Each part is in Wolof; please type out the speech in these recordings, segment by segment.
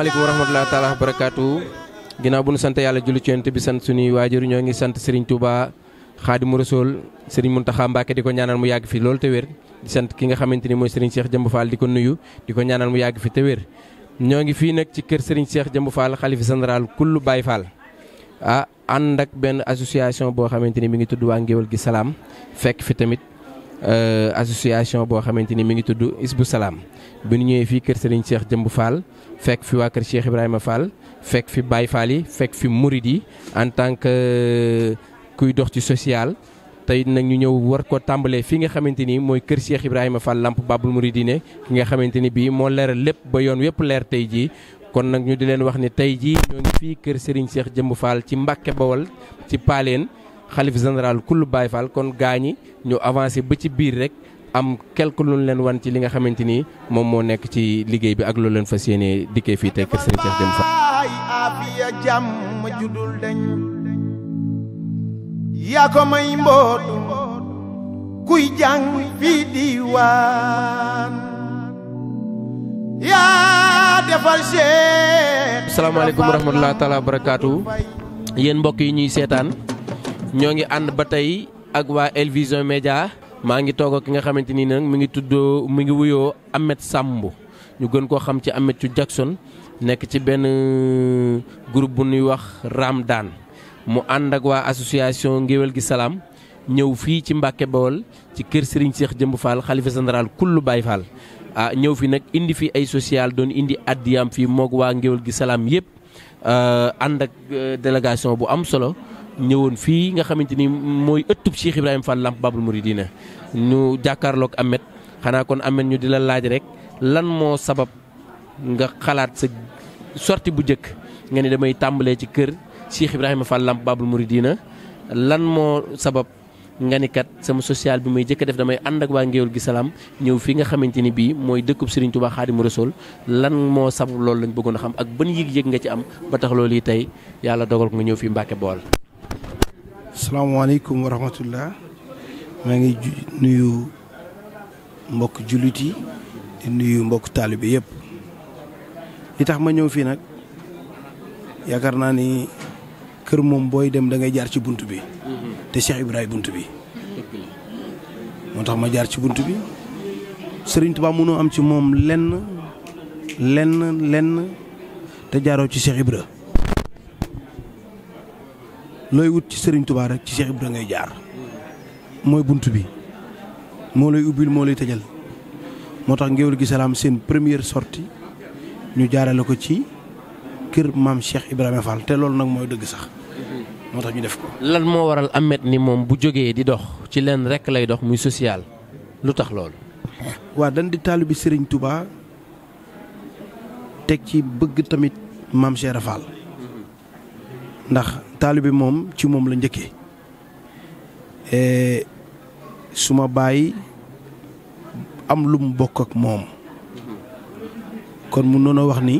asalaamaaleykum wa rahmatulah taalaa wa barakaatu. ginnaaw bu nu sant yàlla julli ci yonent bi sant suñuy waajur ñoo ngi sant Serigne Touba Xaadimu Rasuul Serigne Mountakha Mbacké di ko ñaanal mu yàgg fi loolu te wér. di sant ki nga xamante ni mooy Serigne Cheikh Jëmb Fall di ko nuyu di ko ñaanal mu yàgg fi te wér. ñoo ngi fii nag ci kër Serigne seex Jëmb Fall xalifa général kullu Baye Fall. a ah, ànd ak benn association boo xamante ni mi ngi tudd waa Ngéwal gi salaam tamit. Euh, association boo xamante ni mi ngi tudd Isbu Salaam bi ñu ñëwee fii kër Serigne Cheikh Jëmb faal fekk fi waa kër Cheikh Ibrahima Fall fekk fi Baye Fall fekk fi Murid yi en tant que euh, kuy dox ci social. tey nag ñu ñëw war ko tàmbalee fii nga xamante ni mooy kër Cheikh Ibrahima Fall Lamp Babul Mouridine ki nga xamante ni bii moo leeral lépp ba yoon wépp leer tey jii kon nag ñu di leen wax ni tey jii ñoo fii kër Serigne seex Jëmb Fall ci Mbàkke Bawol ci Paaleen xalif général kullu Baye Fall kon gañi ñu avancer ba ci biir rek am quelque lu leen wan ci li nga xamanteni mom mo nek ci liggey bi ak lu leen fasiyene yéene fi fii tey kër Serigne Cheikh Dieum Fall. aafiya jàmm judul dañ ya ko may mbot kuy jang fi diwan ya defal Cheikh. assalamu wa warahmatullahi taala barakaatu yéen mbokk yi ñuy seetaan ñoo ngi ànd ba tey ak waa Elvision Média maa ngi toog ki nga xamante ni nag mi ngi tudd mi ngi wuyoo Ahmed Samb ñu gën koo xam ci Ahmed Jackson nekk ci benn euh, groupe bu ñuy wax Ramdan mu ànd ak waa association Ngéwél gi Salaam ñëw fii ci Mbàkke Bawol ci kër Serigne Cheikh Jëmb Fall xalifa général kullu Baye Fall ah ñëw fi nag indi fi ay social doon indi addiyam fi moog waa Ngéwél gi Salaam yëpp euh, ànd ak euh, délégation bu am solo ñëwoon fii nga xamante ni mooy ëttub Cheikh Ibrahima Fall Lamp Babul Mouridina ñu jàkkaarloog Ahmed xanaa kon Ahmed ñu di la laaj rek lan moo sabab nga xalaat sa sorti bu njëkk nga ne damay tàmbalee ci kër Cheikh Ibrahima Fall Lamp Babul Mouridina lan moo sabab nga ni kat sama social bi may jëkk def damay ànd ak waa Ngéwul gi salaam ñëw fii nga xamante ni bii mooy dëkkub Serigne Touba Xaadimu Rasuul lan moo sabab loolu lañ bëggoon a xam ak ban yëg-yëg nga ci am tax loolu yi tey yàlla dogal nga ñëw fi Mbàkke Bawol salaamaaleykum wa rahmatullah maa ngi nuyu mbokk jullit yi di nuyu mbokk taalibe yëpp li tax ma ñëw fii nag yaakaar naa ni kër moom booy dem dangay jaar ci bunt bi te Cheikh Ibrahima bunt bi moo tax ma jaar ci bunt bi Serigne Touba mënoo am ci moom lenn lenn lenn te jaaroo ci Cheikh Ibrahima looy wut ci sëriñ tubaa rek ci Cheikh Ibrahima ngay jaar mooy bunt bi moo lay ubbil moo lay tëjal moo tax Ngéwél gi am seen première sortie ñu jaarale ko ci kër maam Cheikh Ibrahima Fall te loolu nag mooy dëgg sax moo tax ñu def ko. lan moo waral Ameth ni moom bu jógee di dox ci leen rekk lay dox muy social lu tax loolu. waa dañ di taalibi sëriñ Touba teg ci bëgg tamit maam Cheikh Fall ndax. taalibe moom ci moom la njëkkee eh, suma baay am lu mu bokk ak moom kon mu noonu wax ni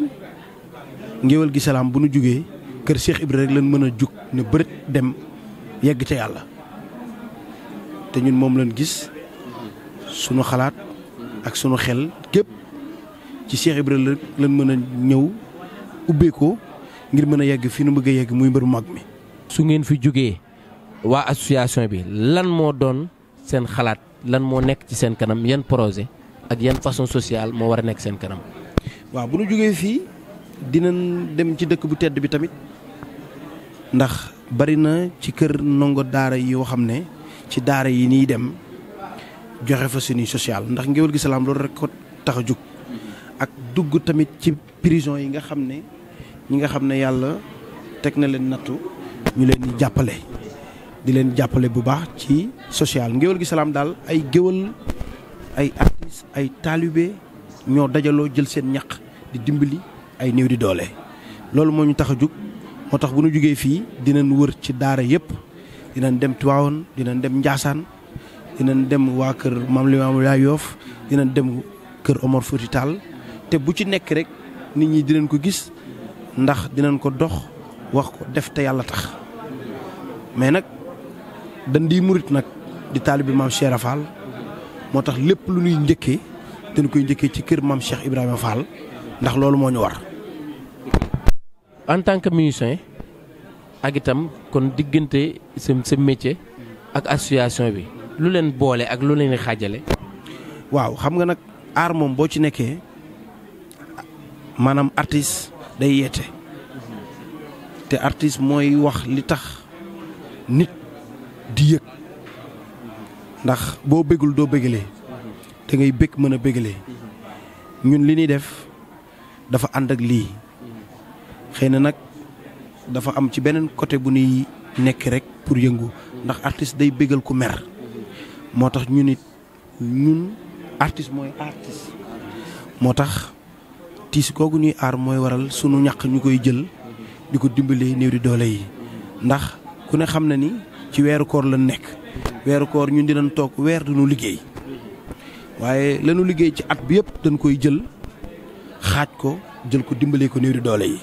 ngéwél gi salaam bu nu jógee kër Cheikh Ibra rek lañ mën a jóg ne bërët dem yegg ca yàlla te ñun moom lañ gis sunu xalaat ak sunu xel gépp ci Cheikh Ibra rek lañ mën a ñëw ubbee ko ngir mëna yegg fi nu bëgg yegg muy mbër mag mi. su ngeen fi jógee wa association bi lan mo doon seen xalaat lan mo nekk ci seen kanam yan projet ak yeen façon sociale mo war nekk seen kanam. wa bu nu jógee fi dinañ dem ci dëkk bu tedd bi tamit ndax bari na ci kër nongo daara yi xam ne ci daara yi ni dem joxe fa suñu social ndax ngeewul gi rek ko tax ak dugg tamit ci prison yi nga xam ñi nga xam ne yàlla teg na leen nattu ñu leen di jàppale di leen jàppale bu baax ci social ngéwél gi salaam daal ay géwél ay artiste ay taalibe ñoo dajaloo jël seen ñaq di dimbali ay néew di doole loolu moo ñu tax a jug moo tax bu nu jugee fii dinañ wër ci daara yëpp dinañ dem di leen dem Ndiassane dinañ dem waa kër Maam Limaamu Laay Yoof dinañ dem kër Omar Fouti te bu ci nekk rek nit ñi di leen ko gis ndax dinañ ko dox wax ko def te yàlla tax mais nag dañ di murit nag di bi maam Cheikh Fall moo tax lépp lu ñuy njëkkee dañ koy njëkke ci kër maam Cheikh Ibrahima Fall ndax loolu moo ñu war. en tant que musicien ak itam kon diggante sa sa métier ak association bi lu leen boole ak lu leen xaajale. waaw xam nga nag aar moom boo ci nekkee maanaam artiste. day yeete te artis mooy wax li tax nit di yëg ndax boo bégul doo bégalee da ngay bég mën a bégalee ñun li ñuy def dafa ànd ak lii xëy na nag dafa am ci beneen côté bu ñuy nekk rek pour yëngu ndax artis day béggal ku mer moo tax ñu nit ñun artis mooy artiste moo tax tiis kooku ñuy aar mooy waral sunu ñaq ñu koy jël di ko dimbalee néew di doole yi ndax ku ne xam na ni ci weeru koor la nekk weeru koor ñun di dinañ toog weer duñu liggéey waaye lanu liggéey ci at bi yëpp dañ koy jël xaaj ko jël ko dimbalee ko néew di doole yi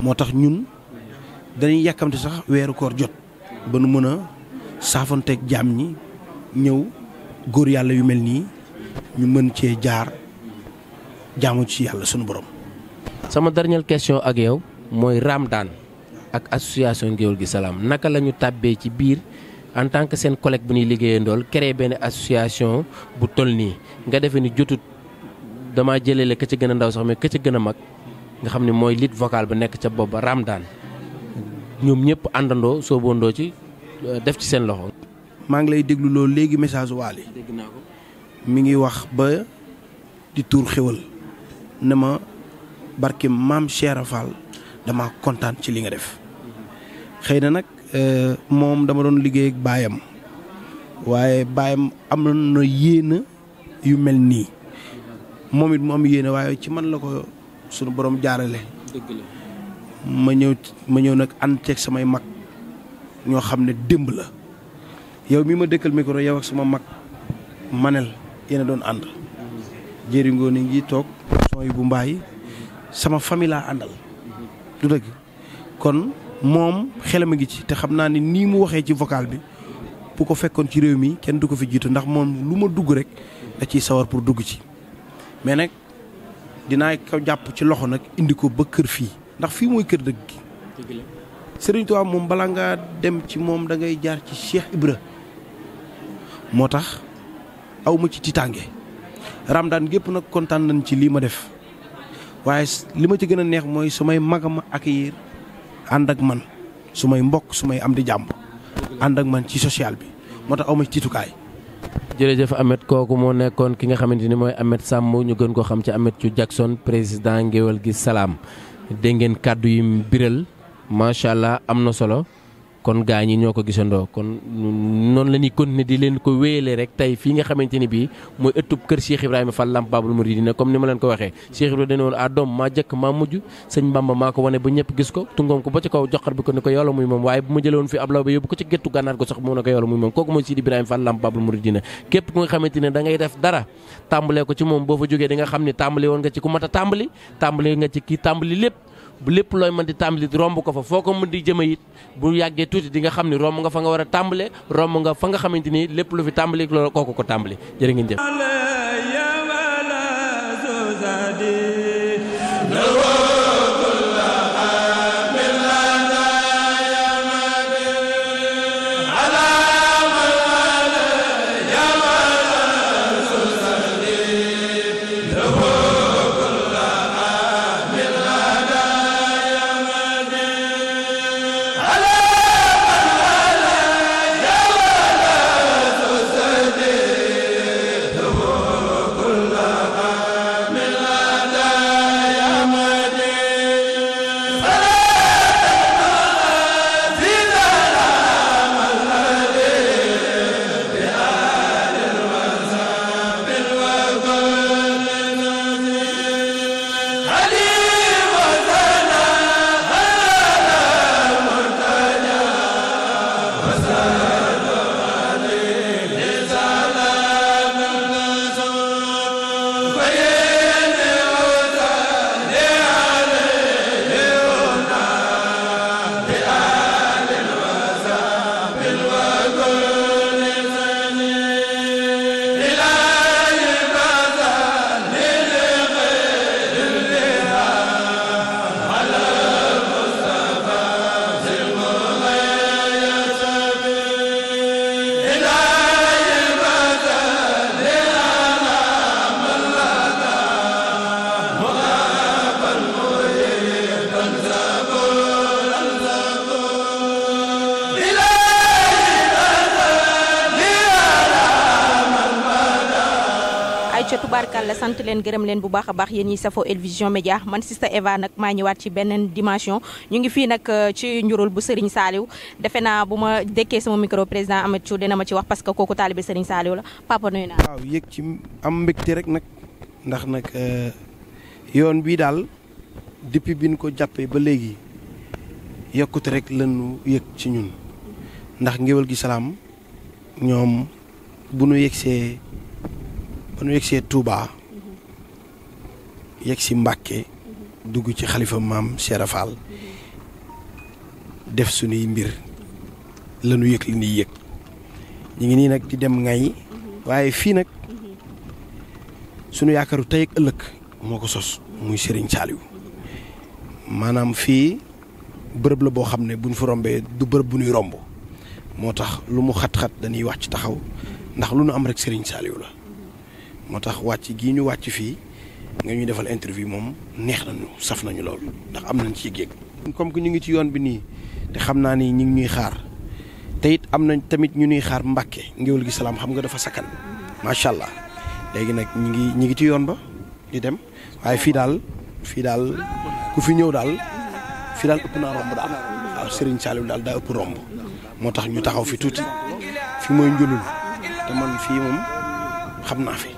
moo tax ñun dañuy yàkkamti sax weeru koor jot ba nu mën a saafanteeg jaam ñi ñëw góor yàlla yu mel nii ñu mën cee jaar jaamu ci yalla suñu borom. sama dernière question ak yow moy ramdan ak association Ngéwél gi salam naka lañu ñu ci bir en tant que sen collègue bu ni liggéey ndol créer ben association bu tol ni nga defee ni jotut dama jëlélé ke ci gëna ndaw sax mais ke ci gëna mag nga xamni moy lit vocal bu ba nekk ca booba Ramadan ñoom ñëpp àndandoo soobandoo ci euh, def ci sen loxo. ma ngi lay déglu lo légui message waale. dégg naa mi ngi wax ba di tour xewal ne ma barke maam Cheikh Fall dama kontaan ci li nga def xëy na nag euh, moom dama doon liggéey ak baayam waaye baayam am na yéena yu mel nii moom it mu am yéene waaye ci man la ko sunu borom jaarale dëgg la ma ñëw ma ñëw nag ànd ceeg samay mag ñoo xam ne démb la yow mi ma dëkkal micro yow ak sama mag manel yéen a doon ànd jëriñoo ni ngi toog son ibu bu sama famila andal. àndal du kon mom xelam a ngi ci te xam naa ni nii mu waxee ci vocal bi bu ko fekkoon ci réew mi kenn du ko fi jiitu ndax moom lu dugg rek da ciy sawar pour dugg ci mais nag dinaa ko jàpp ci loxo nag indi ko ba kër fii ndax fii mooy kër dëgg Serigne Touba moom bala ngaa dem ci moom da ngay jaar ci Cheikh Ibra ci Ramadan gépp nag kontaan nañ ci lii ma def waaye li ma ci gën a neex mooy su may mag a ma accueillir ànd ak man su may mbokk su may am di jàmb ànd ak man ci social bi moo tax aw ma ci tiitukaay. jërëjëf Ameth kooku moo nekkoon ki nga xamante ni mooy Ameth Samb ñu gën ko xam ci Ameth Thiou Jackson président Ngéwél gi salaam dégg ngeen kàddu yi mu biral macha allah am na solo. kon gaa ñi ñoo ko gisandoo kon noonu la kon continuer di leen ko wéyalee rek tey fii nga xamante ni bii mooy ëttub kër Cheikh Ibrahima Fall Lamp Baabul Muridiina comme ni ma leen ko waxee Cheikh Ibrahima dañu woon ah doom maa jëkk maa mujj sëñ Bamba maa ko gis ko tungoom ba ci kaw joxar bi ko ko yoola muy moom waaye bu ma jële woon fi ablaw ba yóbbu ko ci géttu gànnaar ko sax mu ne ko yoola muy moom kooku mooy képp ku nga xamante ne da def dara tàmbalee ko ci moom boo fa jógee di nga xam ne tàmbali woon nga ci ku mat a tàmbali tàmbali nga ci kii tàmbali lépp bu lépp looy mën di tàmbali romb ko fa foo ko mën di jëm a it bu yàggee tuuti di xam ne romb nga fa nga war a tàmbale romb nga fa nga xamante ni lépp lu fi tàmbali loolu kooku ko tàmbali jërë ngeen jëf tubaarkàlla sant leen gërëm leen bu baax baax yéen ñi safoo Elvision Média man sista Eva nag maa ñëwaat ci beneen dimension ñu ngi fii nag euh, ci njurul bu defe naa bu ma dékkee sama micro président Amath Thiou dina ma ci wax parce que kooku taalibe Serigne Saliou la papa waaw yëg ci am mbégte rek nag ndax nag euh, yoon bii daal depuis bi nu ko jàppee ba léegi yokkute rek lañu yëg ci ñun ndax ngéwél gi salaam ñoom bu nu yegsee ba nu tuba, Touba mhm. yegsi Mbàkke mhm. dugg ci xalifa Cheikh mhm. def suni mbir lenu nu yëg li nuy yëg ñu ngi nii nak, di dem ngay sunu yaakaaru tey ak ëllëg moo ko sos muy Serigne Saliou maanaam fii bërëb la boo xam ne buñ fa rombee du bërëb bu ñuy romb moo lu mu xat-xat dañuy taxaw ndax lu nu am rek Serigne la motax wacc gi ñu wacc fi nga ñu defal interview mom, neex nañu saf nañu lool ndax am nañ ci yëg comme que ñu ngi ci yoon bi ni te xam naa ni ñi ngi ñuy xaar te it am nañ tamit ñu ñuy xaar mbàkke ngéwal gi salaam xam nga dafa sakkan macha allah léegi nag ñi ngi ñi ngi ci yoon ba di dem waaye fii daal fii daal ku fi ñëw daal fii daal ëpp naa romb daal waaw Serigne Saliou daal daa ëpp romb moo tax ñu taxaw fi tuuti fi mooy njulul te man fii moom xam fi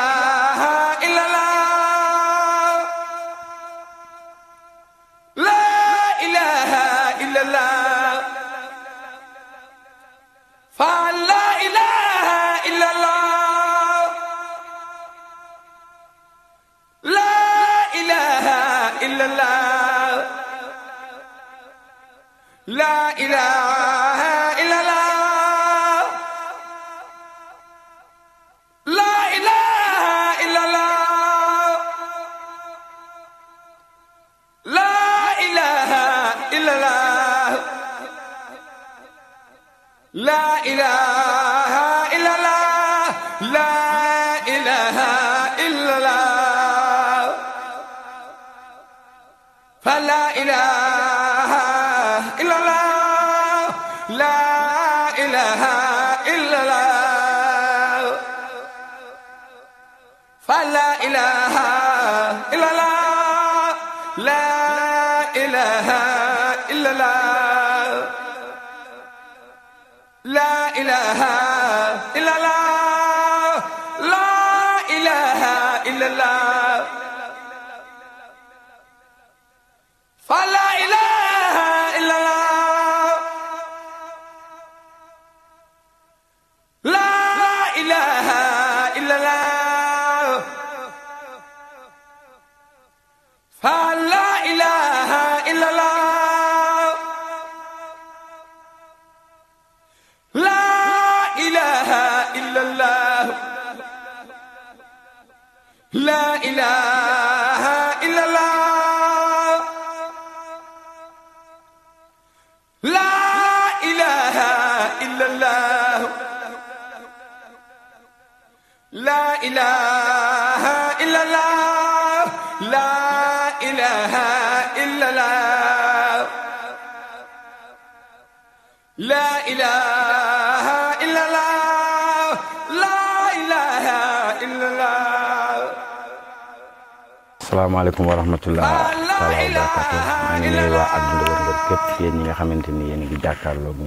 إلا لا لا إله إلا الله فلا La ilaha wabarakatuh. La ilaha illallah Assalamualaikum warahmatullahi wabarakatuh ini, ورحمة الله تعالى وبركاته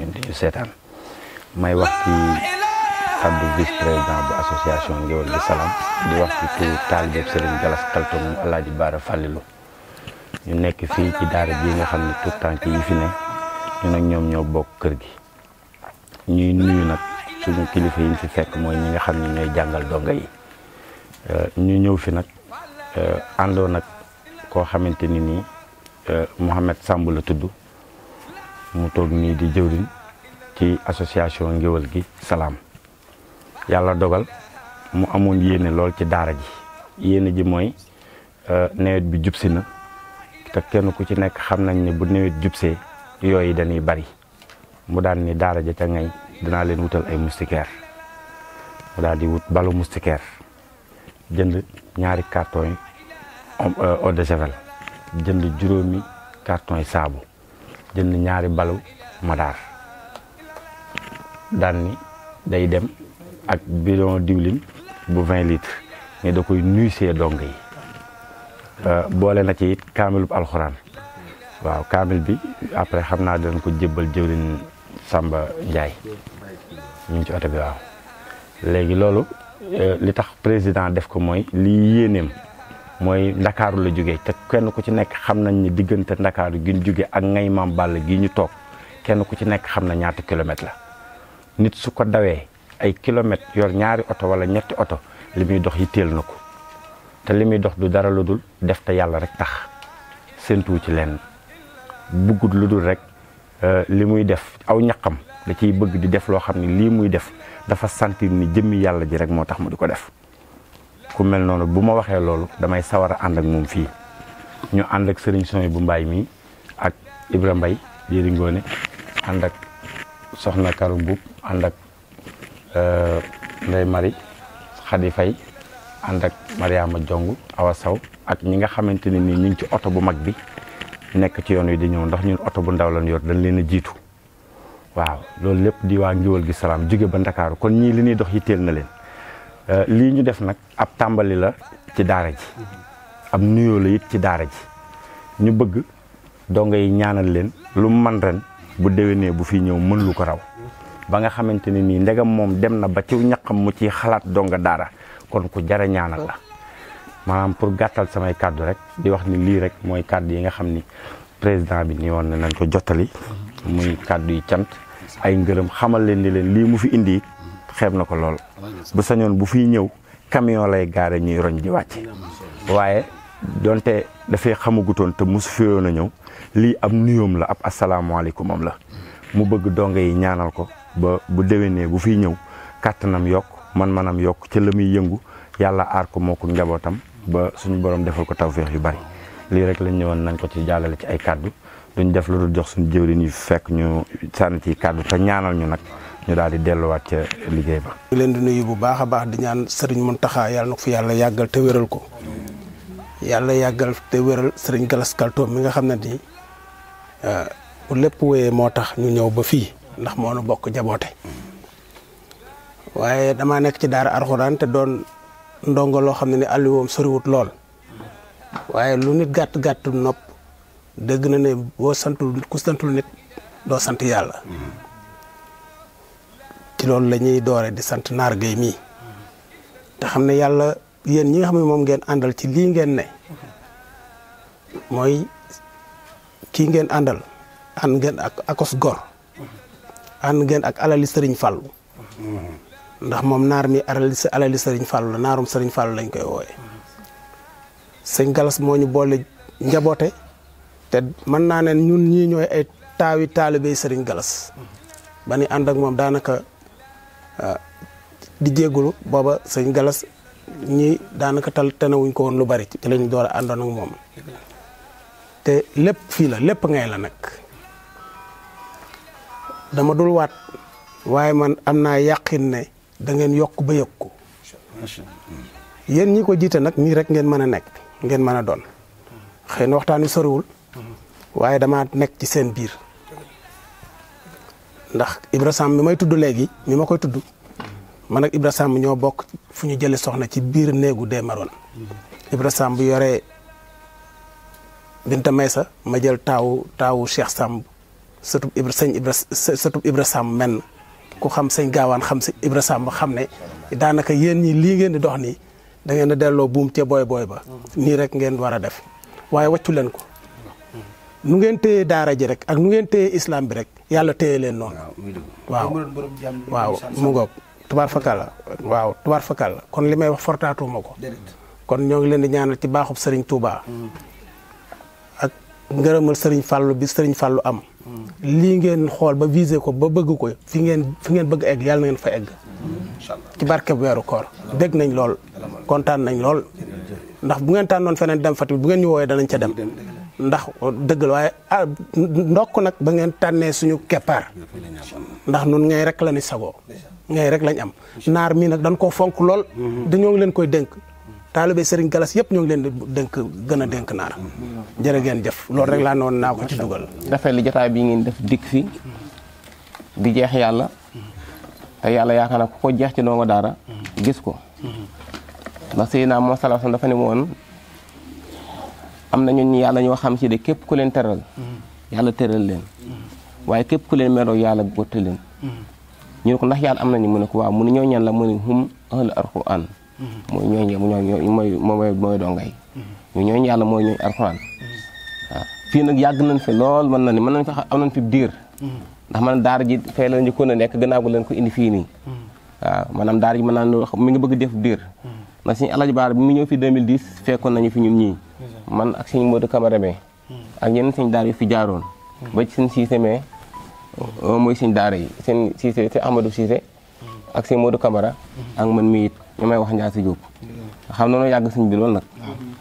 ini di setan may waktu ci vice asosiasi bu association Ngéwél Salam di waktu itu Talib taalibeb Serigne Kaltung Allah Jibara Falilu Ini ñu nekk ci daara ji nga ñu nag ñoom ñoo bokk kër gi ñuy nuyu nag suñu kilifa yi ñu fi fekk mooy ñi nga xam ne ñooy jàngal donga yi euh, ñu ñëw fi nag euh, àndoo nag koo xamante ni nii euh, Mouhamed Samb la tudd mu toog nii di jëwriñ ci association ngéwal gi salaam yàlla dogal mu amoon yéene lool ci daara ji yéene ji mooy nawet bi jubsi na te kenn ku ci nekk xam nañ ne bu nawet jubsee yooyu dañuy bari mu daan ni daara ja ca ngay leen wutal ay moustiquaire mu daal di wut balu moustiquaire jënd ñaari carton yi jënd juróomi carton saabu jënd ñaari balu madaar daan day dem ak bidon diwlin bu vingt litres ni da koy nuisee dong euh, boole na ci it kaamilub alxuraan waaw kaamil bi après xam naa danañ ko jébbal jëwlin Samba Ndiaye ñu ngi ci oto bi waaw léegi loolu euh, li tax président def ko mooy lii yéeneem mooy ndakaaru la jógee te kenn ku ci nekk xam nañ ni diggante ndakaaru gi ñu jóge ak ngay maam bàll gi ñu toog kenn ku ci nekk xam na ñaata kilomètre la nit su ko dawee ay kilomètres yor ñaari oto wala ñetti oto li muy dox yitteel na ko te li muy dox du dara lu dul def te yàlla rek tax séntuwu ci leen bëggut luddul rek eh, li muy def aw ñaqam da ciy bëgg di def lo xamni limuy def dafa sentir ni jëmmi yalla ji rek moo tax mu diko def ku mel bu ma damay sawar and ak moom fi ñu and ak serigne bu mbaay mi ak Ibra bayi Yéri Ngoone and ak soxna Karu bu and ak eh, Ndey Mari Xadi Fay ànd ak Mariama jongu Awa Saw ak ñi nga xamanteni ni ñu ci auto bu mag bi nek ci yoon wi di ñew ndax ñun auto bu ndaw lañ yor dañ leen jitu waaw loolu lepp di wa ngiwol gi salam jóge ba dakar kon ñi li ni dox yitel na leen euh, li ñu def nak ab tambali la ci daara ji ab nuyo la yit ci daara ji ñu bëgg do ngay ñaanal leen lu man ren bu déwénee bu fi ñew mën lu ko raw ba nga xamanteni ni ndegam mom dem na ba ci ñakam mu ci xalaat nga daara kon ku jara ñaanal la manam pour gatal samay cadeau rek di wax ni li rek moy cadeau yi nga xamni ni président bi ni won na nango ko muy cadeau yi cant ay ngeureum xamal len ni len li mu fi indi xeeb nako lol bu sañon bu fi ñew camion lay garé ñuy roñ di wàcc waaye donte fay xamugutoon te musu fi woon a ñëw li ab nuyoom la ab alaykum am la mu bëgg donga yi ñaanal ko ba bu déwénee bu fi ñew katanam yok man-manam yok ci la yëngu yalla ar ko moko njabotam ba suñu borom defal ko tawféex yu bari lii rek lañ ñëwoon nañ ko ci jàllale ci ay kàddu duñ def lu dul jox suñu jëwriñ yu fekk ñu sànni ci kàddu te ñaanal ñu nag ñu daal di delluwaat ca liggéey ba. ñu leen di nuyu bu baax a baax di ñaan sëriñ Mountakha yàlla na ko yàlla yàggal te wéral ko yàlla yàggal te wéral sëriñ Galas Kaltoom mi nga xam ne nii ah, bu lépp wéyee moo tax ñu ñëw ba fii ndax moo nu bokk jaboote waaye damaa nekk ci daara alxuraan te doon ndongo loo ni alli wom sori wut lol waye lu nit gatt gatt nopp deug na ne bo santul ku santul nit do sant yalla ci lol lañuy doore di sant nar gay mi ta xamne yalla yeen ñi nga xam ne ngeen andal ci li ngeen ne moy ki ngeen andal an ngeen ak akos gor an ngeen ak alali serigne fallu ndax mom nar mi alali alali serigne fallu la naarum sëriñ fàllu lañ koy wooye sëñ galas moñu bolé njaboté té man na né ñun ñi ñoy ay tawi talibé serigne galas bani and ak mom danaka ah, di jéggulu baba sëñ galas ñi danaka tal wuñ ko won lu bari té lañ doora ak te lépp la lepp ngay la nak dama dul wat waye man amna naa da ngeen yokk ba yëg ko yéen ñi ko mana nak, ni rek ngeen mëna nek ngeen mëna a doon xëy soriwul dama nek ci seen biir ndax Ibra mi may tuddu legi mi makoy tuddu man ak Ibra ño bok fuñu fu soxna ci biir neegu maron Ibra bu yoré Binta Maysa ma jël taw taw Cheikh Ibra sëñ Ibra ku xam sëñ gawan xam sëñ Ibra Sàmb xam ne daanaka yéen ñi li ngeen di dox ni da ngeen na delo buum te boy boy ba ni rek ngeen wara def waye waccu len ko nu ngeen teye daara ji rek ak nu ngeen teye islam bi rek yalla teye len non waaw waaw mu ngok tubar fakal waaw tubar fakal kon limay wax fortatu mako kon ñoo ngi leen di ñaanal ci baaxub sëriñ Touba mm. ak ngërëmal sëriñ fallu bi sëriñ fallu am lii ngeen xool ba visé ko ba bëgg ko fi ngeen fi ngeen bëgg egg yàlla na ngeen fa egg ci barkeb weeru koor dégg nañ lool kontaan nañ lool ndax bu ngeen tànnoon feneen dem Fatick bu ngeen ñu woowee danañ ca dem ndax dëgg la waaye ah ndokk nag ba ngeen tànnee suñu keppaar ndax nun ngay rek la ni sagoo ngay rek lañ am naar mii nag dañ koo fonk lool mm-hmm. dañoo leen koy dénk taalibe Serigne Galas yëpp ñoo ngi leen di dénk gën a dénk naar jërë ngeen jëf loolu rek laa noonu naa ko ci dugal rafet li jotaay bi ngeen def dikk fi di jeex yàlla te yàlla yaakaar na ku ko jeex ci ndongo daara gis ko ndax sëy naa moom salaa dafa ne woon am na ñun yàlla ñoo xam ci ku leen teral yàlla teral leen waaye képp ku leen meroo yàlla botte leen mm. ñu ne ko ndax yàlla am nañu mu ne ko waaw mu ne ñoo ñan la mu ne hum ahlul alquran mooy ñooñu ñooñu mooy mooy mooy dongay mm-hmm. ñu ñooñu yàlla mooy ñooñu alxuraan mm-hmm. waaw fii nag yàgg nañ fi lool mën na ni mën nañ fa am nañ fi diir mm-hmm. ndax man daara ji fee la njëkkoon a nekk gannaaw gu leen ko indi fii nii waaw maanaam daara ji mën bi mu ñëw fi 2010 fekkoon nañu fi ñun ñii man ak suñu Modou Camara mee ak yeneen suñu daara yu fi jaaroon ba ci seen Cissé mooy suñu daara yi seen Cissé te Amadou ak sëñ Modou Camara ak man mi it ñu may wax Ndiass Diop xam na noo yàgg sëñ bi lool nag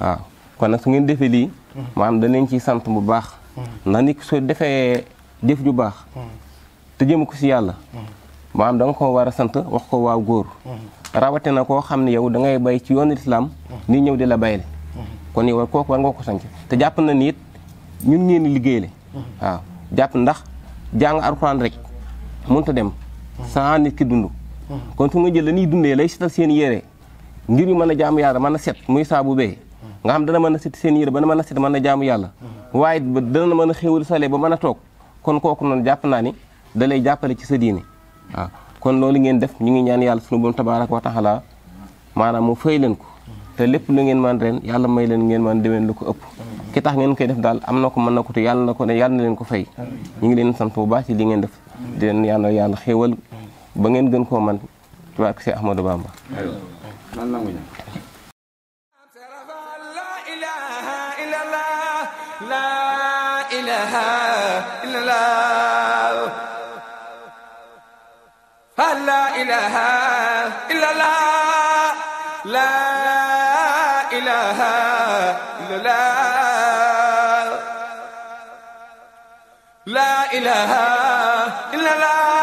waaw kon nag su ngeen defee lii maanaam danañ ciy sant bu baax ndax nit soo defee jëf ju baax te jëm ko si yàlla maanaam da nga ko war a sant wax ko waaw góor rawate na koo xam ne yow dangay bay ci yoonu lislaam ni ñëw di la bayale kon yow kooku war nga ko sant te jàpp na ni it ñun ngeen liggéeyale waaw jàpp ndax jàng alxuraan rek mënut dem saa nit ki dund kon fu nga jël dañuy dundee lay setal seen yére ngir ñu mën a jaamu yàlla mën a set muy saabu bee nga xam dana mën a set seen yére ba na mën a set mën a jaamu yàlla waaye dana mën a xéwal sole ba mën a toog kon kooku noonu jàpp naa ni da lay jàppale ci sa diine waaw kon loolu ngeen def ñu ngi ñaan yàlla sunu borom tabaaraka wa taala maanaam mu fay leen ko te lépp lu ngeen man ren yàlla may leen ngeen man demeen lu ko ëpp ki tax ngeen koy def daal am ba ngeen gën koo man ci waa si Ahmadou Bamba لا إله إلا الله لا إله إلا الله لا إله إلا الله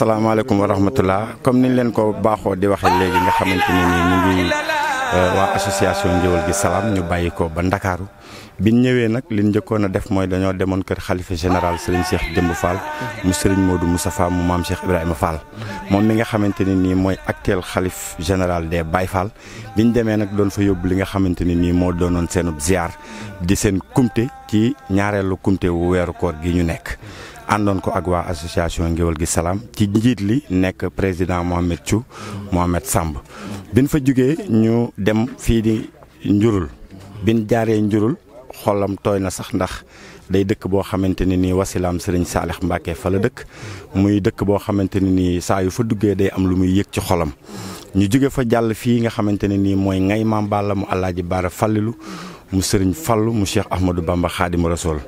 asalaamaaleykum wa rahmatullah comme niñ leen ko baaxoo di waxee léegi nga xamante ne nii mu ngi euh, waa association Ngéwél gi salaam ñu bàyyi ko ba ndakaaru biñ ñëwee nag liñ njëkkoon a def mooy dañoo demoon kër xalifa général Serigne Cheikh Jëmb Fall mu Serigne Modou Moustapha mu maam Cheikh Ibrahima Fall moom mi nga xamante ne nii mooy actuel xalif général des Baye bi ñu demee nag doon fa yóbbu li nga xamante ne nii moo doonoon seenub ziar di seen kumte ci ñaareelu kumte wu weeru koor gi ñu nekk àndoon ko ak waa association Ngéwél gi salaam ci njiit li nekk président Mohamed Thiou Mohamed Samb bin fa jugee ñu dem fii di njurul biñ jaaree njurul xolam tooy na sax ndax day dëkk boo xamante ne nii wasilaam sëriñ Saalix Mbàkke fa la dëkk muy dëkk boo xamante ne nii saa yu fa duggee day am lu muy yëg ci xolam ñu jóge fa jàll fii nga xamante ne nii mooy ngay maam mu mu ji Baara Fallilu mu sëriñ Fallu mu Cheikh Ahmadou Bamba Xaadimu Rasuul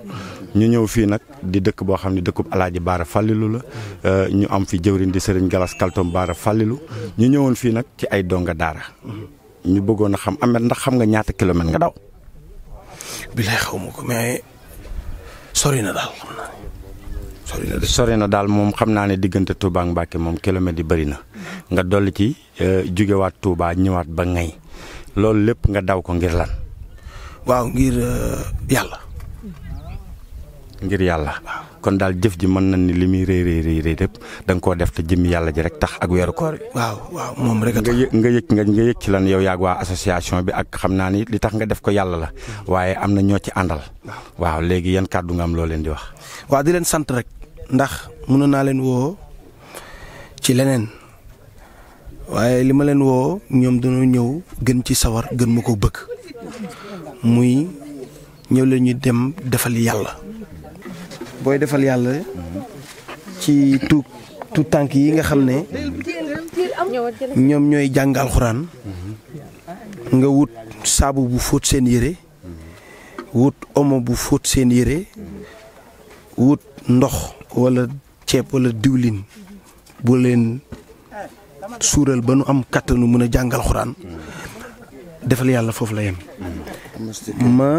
ñu ñëw fi nak di dëkk bo xamni dëkkub alaaji baara fallilu la euh, ñu am fi jëwriñ di sëriñ galas kaltom bara fallilu ñu ñëwoon fi nak ci ay donga dara ñu bëggoon xam amet ndax xam nga ñaata kilomètre nga daw bi lay ma mais sori na dal sori na sori na dal mom xamna ni digënté Touba ak Mbacke mom kilomètre di bari na nga doll ci euh, Touba ñëwaat ba ngay lool lepp nga daw ko ngir lan waaw ngir euh, yalla ngir yalla kon dal jëf ji man nañ ni limi re re re re lépp dang ko def te jëmmi yalla ji rek tax ak weeru koor waaw waaw mom rek nga yë nga yëg nga yek ci lan yow yaag wa association bi ak xamna ni li tax nga def ko yalla la waye amna ño ci andal waaw legi yan kaddu nga am lo leen di wax. wa di leen sante rek ndax mën na leen wo ci leneen waye li ma leen woo ñoom dañoo gën ci sawar gën mako ko bëgg muy ñew la ñu dem defal yalla. booy defal yàlla ci tu tuut tànk yi nga xam ne ñoom ñooy jàng alxuraan nga wut saabu bu fóot seen yére wut omo bu fóot seen yére wut ndox walla ceeb wala diwlin bu leen suural ba nu am kàttanu mën a jàngal xuraan defal yàlla foofu la ma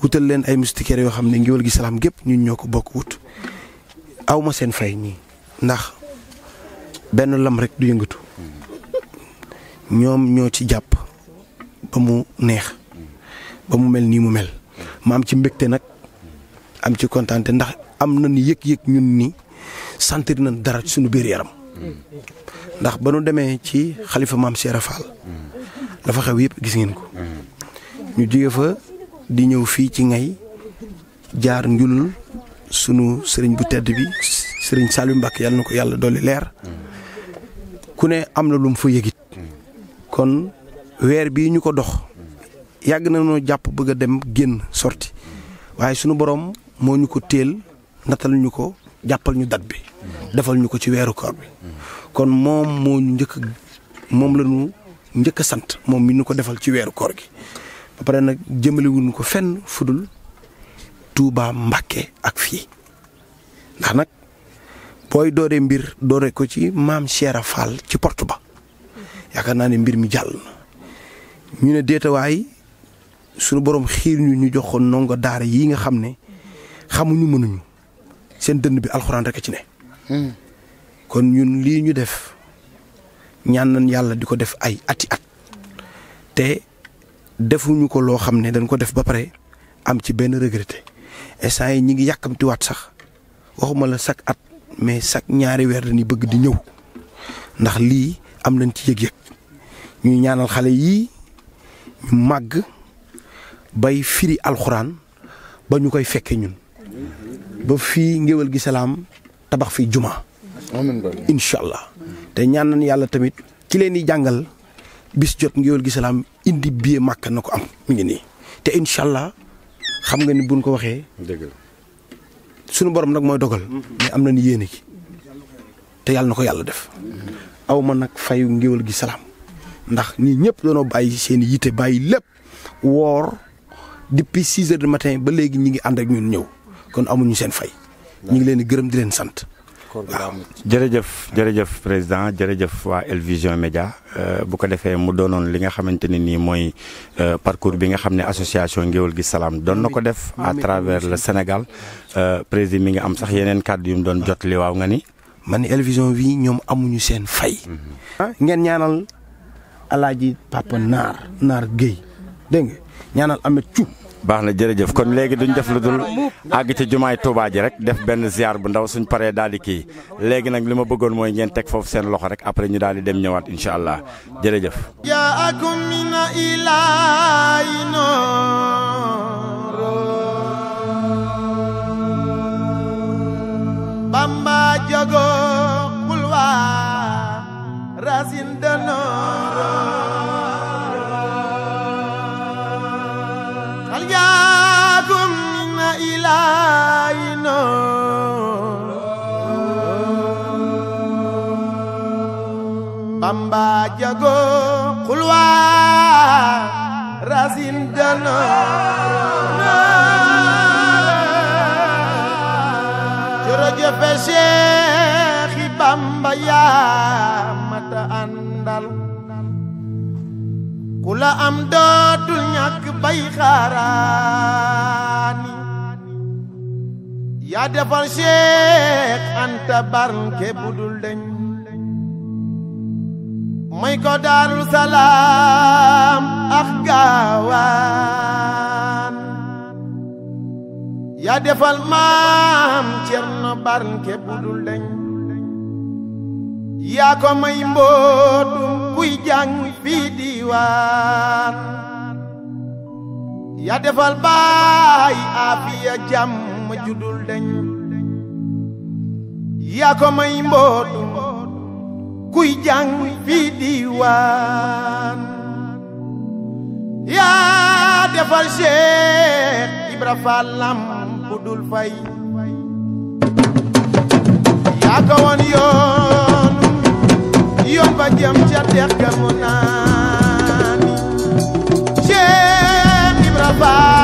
wutal leen ay moustiquaires yoo xam ne ngiwal gi salaam gépp ñun ñoo ko bokk wut aw seen fay nii ndax benn lam rekk du yëngatu ñoom ñoo ci jàpp ba mu neex ba mu mel nii mu mel maam ci mbégte nag am ci kontaante ndax am nañu yëg-yëg ñun ni sentir nañ dara ci suñu biir yaram ndax ba nu demee ci xalifa maam Cheikh Fall dafa xew yëpp gis ngeen ko ñu jóge fa di ñëw fii ci ngay jaar njulul sunu sëriñ bu tedd bi sëriñ Saliou Mbacke yàlla na ko yàlla dolli leer ku ne am na lum fa yëgit kon weer bi ñu ko dox yàgg na noo jàpp bëgg a dem génn sorti waaye sunu boroom moo ñu ko téel natal ñu ko jàppal ñu dat bi defal ñu ko ci weeru koor bi kon moom moo ñu njëkk moom la ñu njëkk a sant moom mi ñu ko defal ci weeru koor gi ba nag jëmalewuñ ko fenn fudul Touba mbakke ak fii ndax nag booy dooree mbir doore ko ci maam Cheikh Fall ci porte ba yaakaar naa ne mbir mi jàll na ñu ne deetawaay sunu boroom xiir ñu ñu jox ko ndongo daara yi nga xam ne xamuñu mënuñu seen dënn bi alxuraan rek a ci ne. Hmm. kon ñun lii ñu def ñaan yàlla di ko def ay ati at te. defuñu ko loo xam ne dañ ko def ba pare am ci benn regretté instant yi ñi ngi yàkkamtiwaat sax waxuma la chaque at mais chaque ñaari weer dañuy bëgg di ñëw ndax lii am nañ ci yëg-yëg ñuy ñaanal xale yii ñu màgg bay firi alxuraan ba ñu koy fekkee ñun ba fii ngéwal gi salaam tabax fi juma incha allah te ñaan yàlla tamit ci leen di jàngal bis jot ngeewal gi salaam indi billet màkk na ko am mu ngi nii te incha allah xam nga ni buñ ko waxee. sunu borom nag mooy dogal. mais am na ni yéene ki te yàlla na ko yàlla def. aw ma nag fay ngeewal gi salaam ndax ñii ñëpp doonoo bàyyi seen yitte bàyyi lépp woor depuis six heures du matin ba léegi ñi ngi ànd ak ñun ñëw kon amuñu seen fay. ñu ngi leen di gërëm di leen sant. jërëjëf jërëjëf président jërëjëf waa El Vision Média euh, bu ko defee mu doonoon li nga xamante ne nii mooy euh, parcours bi nga xam ne association Ngéwél gi Salaam doon na ko def à travers le Sénégal euh, président mi ngi am sax yeneen kàddu yum doon jot li waaw nga ni. man ni El Vision bii ñoom amuñu seen fay. Mm-hmm. Ah. ngeen ñaanal alaaji Papa Naar Naar Guèye dégg ñaanal Ameth Thiou baax na jërëjëf kon léegi duñ def lu dul àgg ci jumaay Touba ji rek def benn ziar bu ndaw suñ paree daal di kii léegi nag li ma bëggoon mooy ngeen teg foofu seen loxo rek après ñu daal dem ñëwaat incha allah jërëjëf. Ya kula Seexi Bamba yaa mata am dootul ñàkk bay xaaraani yaa defal Seex Anta barke budul deñ may ko Daaru Salaam ak gaawaan yaa defal maam Cerno barke budul dañ yaa ko may mbootum kuy jàng fii diwaan yaa defal baay aafiya jàmm judul dañ yaa ko may mbootum kuy jàng fii diwaan yaa defal Cheikh Ibra Fall dul fay yaa ko woon yoon yoon ba ca dex ga mu naani Cheikh Ibra